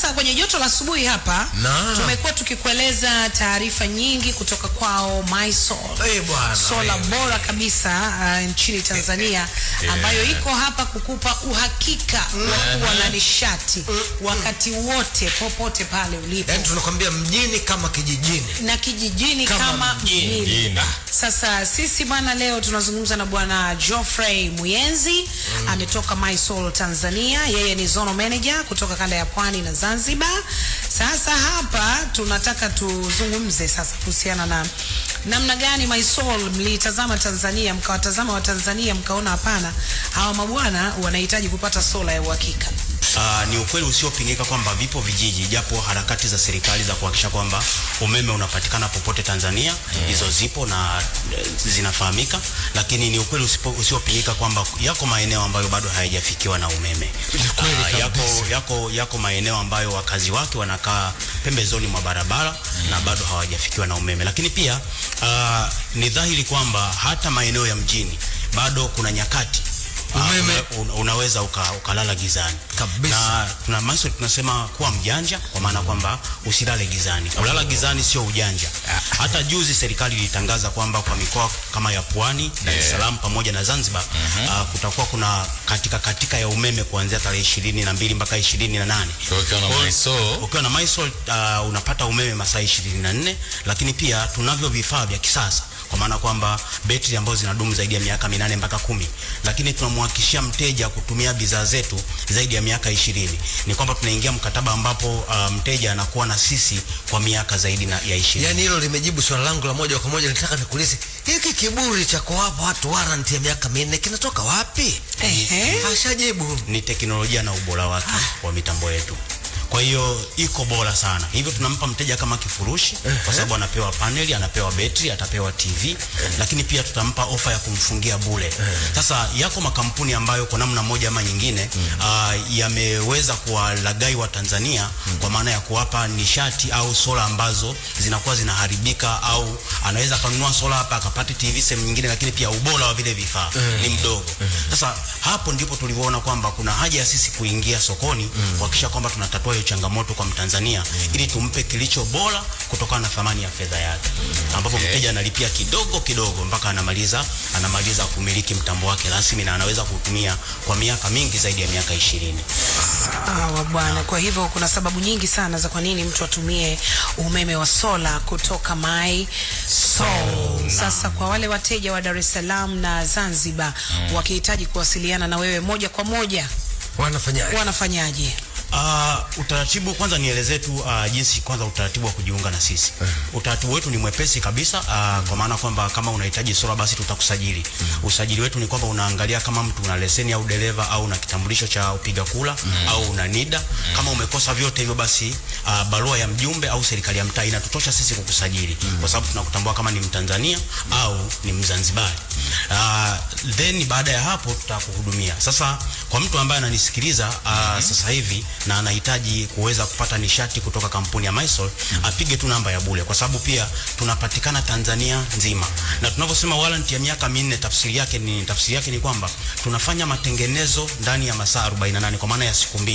Sasa kwenye joto la asubuhi hapa tumekuwa tukikueleza taarifa nyingi kutoka kwao Mysol sola eh, eh, bora eh. kabisa uh, nchini Tanzania yeah, ambayo iko hapa kukupa uhakika wa kuwa na nishati mm, mm. wakati wote popote pale ulipo, yani tunakwambia mjini kama kijijini na kijijini kama, kama mjini. Sasa sisi bwana, leo tunazungumza na bwana Geoffrey Muyenzi mm. ametoka Soul Tanzania. Yeye ni zono manager kutoka kanda ya Pwani na Zanzibar. Sasa hapa tunataka tuzungumze sasa kuhusiana na namna gani Soul mlitazama Tanzania, mkawatazama Watanzania mkaona hapana, hawa mabwana wanahitaji kupata sola ya uhakika. Aa, ah, ni ukweli usiopingika kwamba vipo vijiji japo harakati za serikali za kuhakikisha kwamba umeme unapatikana popote Tanzania mm. hizo yeah, zipo na eh, zinafahamika, lakini ni ukweli usiopingika kwamba yako maeneo ambayo bado hayajafikiwa na umeme. Aa, ah, yako, yako, yako maeneo ambayo wakazi wake wanakaa pembezoni mwa barabara yeah, mm. na bado hawajafikiwa na umeme, lakini pia uh, ni dhahiri kwamba hata maeneo ya mjini bado kuna nyakati umeme una, unaweza ukalala uka gizani kabisa. Na tuna maisha tunasema kuwa mjanja, kwa maana kwamba usilale gizani. Kulala gizani sio ujanja. Ah. Hata juzi serikali ilitangaza kwamba kwa mikoa kama ya Pwani, Dar es Salaam pamoja na Zanzibar mm -hmm. kutakuwa kuna katika katika ya umeme kuanzia tarehe 22 mpaka 28. na MySol, ukiwa na MySol uh, ah, unapata umeme masaa 24, lakini pia tunavyo vifaa vya kisasa kwa maana kwamba betri ambazo zinadumu zaidi ya miaka minane mpaka kumi, lakini tunamhakikishia mteja kutumia bidhaa zetu zaidi ya miaka ishirini. Ni kwamba tunaingia mkataba ambapo uh, mteja anakuwa na sisi kwa miaka zaidi na, ya ishirini. Yani hilo limejibu swala langu la moja kwa moja. Nitaka nikuulize hiki kiburi cha kuwapa watu warranty ya miaka minne kinatoka wapi? Hey, Ashajibu ni teknolojia na ubora wake ah, wa mitambo yetu kwa hiyo iko bora sana. Hivyo tunampa mteja kama kifurushi kwa sababu anapewa paneli, anapewa betri, atapewa TV, lakini pia tutampa ofa ya kumfungia bule Sasa yako makampuni ambayo kwa namna moja ama nyingine uh, yameweza kuwalagai wa Tanzania mm. kwa maana ya kuwapa nishati au sola ambazo zinakuwa zinaharibika au anaweza kanunua sola hapa akapata TV sehemu nyingine, lakini pia ubora wa vile vifaa ni mdogo. Sasa hapo ndipo tuliona kwamba kuna haja ya sisi kuingia sokoni mm. kuhakikisha kwamba tunatatua ambayo changamoto kwa Mtanzania mm. ili tumpe kilicho bora kutokana na thamani ya fedha yake, mm. ambapo okay, eh. mteja analipia kidogo kidogo mpaka anamaliza anamaliza kumiliki mtambo wake rasmi na anaweza kutumia kwa miaka mingi zaidi ya miaka ishirini. Sawa bwana. Kwa hivyo kuna sababu nyingi sana za kwa nini mtu atumie umeme wa sola kutoka Mai Solar. Sasa kwa wale wateja wa Dar es Salaam na Zanzibar mm, wakihitaji kuwasiliana na wewe moja kwa moja wanafanyaje? Wanafanyaje? Uh, utaratibu kwanza nielezee tu uh, jinsi kwanza utaratibu wa kujiunga na sisi. Eh. Utaratibu wetu ni mwepesi kabisa uh, kwa maana kwamba kama unahitaji sura basi tutakusajili. Mm. Usajili wetu ni kwamba unaangalia kama mtu una leseni au dereva au una kitambulisho cha upiga kula mm. au una NIDA. Mm. Kama umekosa vyote hivyo basi uh, barua ya mjumbe au serikali ya mtaa inatutosha sisi kukusajili mm. kwa sababu tunakutambua kama ni Mtanzania au ni Mzanzibari. Uh, then baada ya hapo tutakuhudumia. Sasa kwa mtu ambaye ananisikiliza mm -hmm. sasa hivi na anahitaji kuweza kupata nishati kutoka kampuni ya Mysol mm -hmm. apige tu namba ya bure, kwa sababu pia tunapatikana Tanzania nzima, na tunavyosema warranty ya miaka minne, tafsiri yake ni tafsiri yake ni kwamba tunafanya matengenezo ndani ya masaa 48 kwa maana ya siku mbili.